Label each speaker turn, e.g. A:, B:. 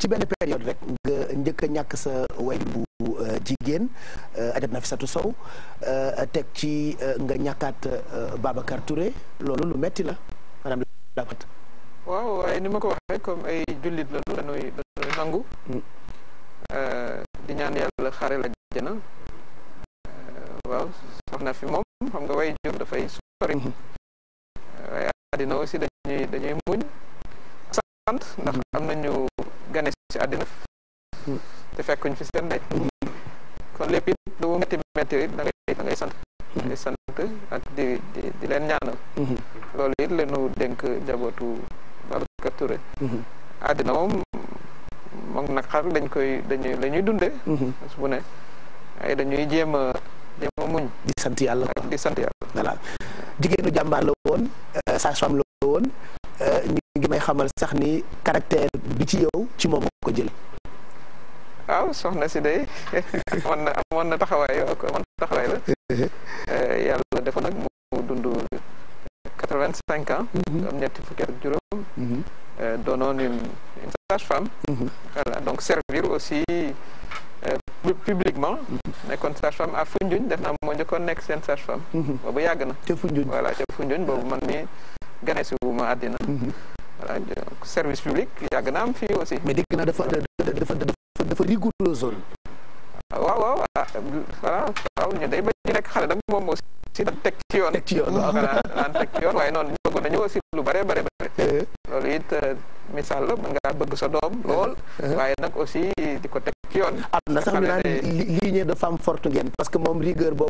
A: ci benn période rek nga njëkk a ñàkk sa way bu euh, jigéen euh, ajab Nafissatou Sow euh, teg ci nga ñàkkaat Babacar Touré loolu lu metti la maanaam
B: waaw waaye ni ma ko waxee comme ay jullit lañu dañuy dañuy nangu mm. di ñaan yàlla xaare la jëna waaw soxna fi moom xam nga way jur dafay sori mm-hmm. waaye àddina aussi dañuy muñ sant ndax am nañu àddina te fekkuñ fi seen nekk kon lépp it lu mu métti métti it da ngay da ngay sant di sant ak di di di leen ñaanal mhm. loolu it leenu dénk njabootu Babacar Touré mhm. àddina moom moom nag xar dañ koy dañuy la ñuy dunde mhm. su bu ne ay dañuy jéem
A: a jéem a muñ di sant yàlla di sant yàlla voilà jigéenu jàmbaar la woon euh, sage-femme la woon euh, ñu ngi may xamal sax ni caractère bi ci yow ci moom ko jël
B: waaw soxna si day mon na mon na taxawaay ko mon taxaway la yàlla defoon nag mu dund quatre vingt ans mhm. am ñetti fukki ak mhm. euh doonoon une sage-femme mhm. voilà donc servir aussi euh, publiquement nekkoon sage-femme à Foundiougne def naa moo njëkkoon nekk seen sage-femme boobu yàgg na ca Foundiougne voilà ca Foundiougne boobu man mi gane si adina service public ya genam fi aussi.
A: mais dégg na dafa dafa dafa dafa rigoureuse woon.
B: wa wa voilà waaw ñu day ba ñu nekk xale nag moom aussi si daan teg ci yoon. teg ci yoon waaw daan teg ci yoon way non bëgg nañu aussi lu bare bare bare. Eh. lool it misaal la mën bëgg sa doom eh. lool. waye eh. nak aussi oh, diko tek ci yoon. am na sax ñu naan
A: lignée de femme forte ngeen parce que mom rigueur boobu.